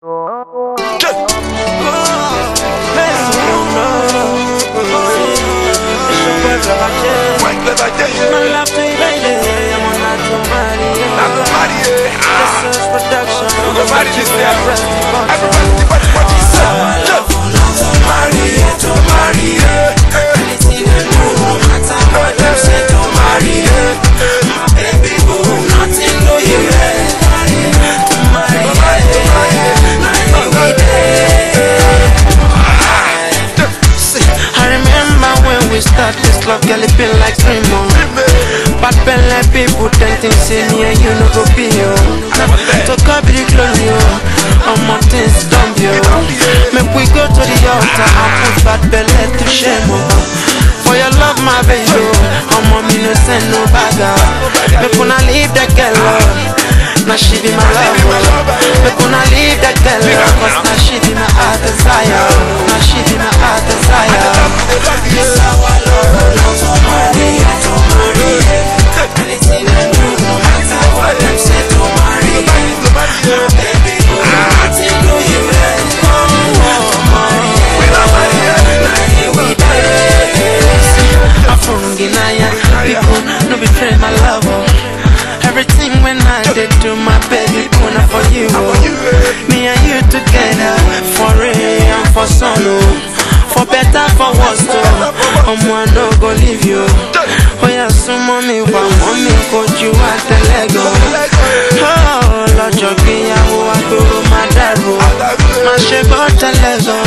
Everybody, everybody. this club, girl, it been like three months. Back bend people, then things say me and you no go be yo. So come be the clone yo, all my things done yo. Make we go to the altar I put bad belly to shame oh. For your love, my baby, all my me no send no bagger. Ah. Make we not leave that girl, oh. now she be my love. say my love. Oh. Everything when I did do my baby, want for you. Oh. Me and you together, for rain and for sun. For better, for worse, too. I'm one no go leave you. Oh yeah, so mommy, one mommy could you at the Lego? Oh, Lord, you're my a dàrú má ṣe gbọ́ tẹ́lẹ̀ lọ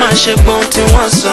má ṣe gbọ́ tí wọ́n sọ.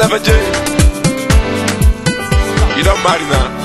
Clever não You don't now.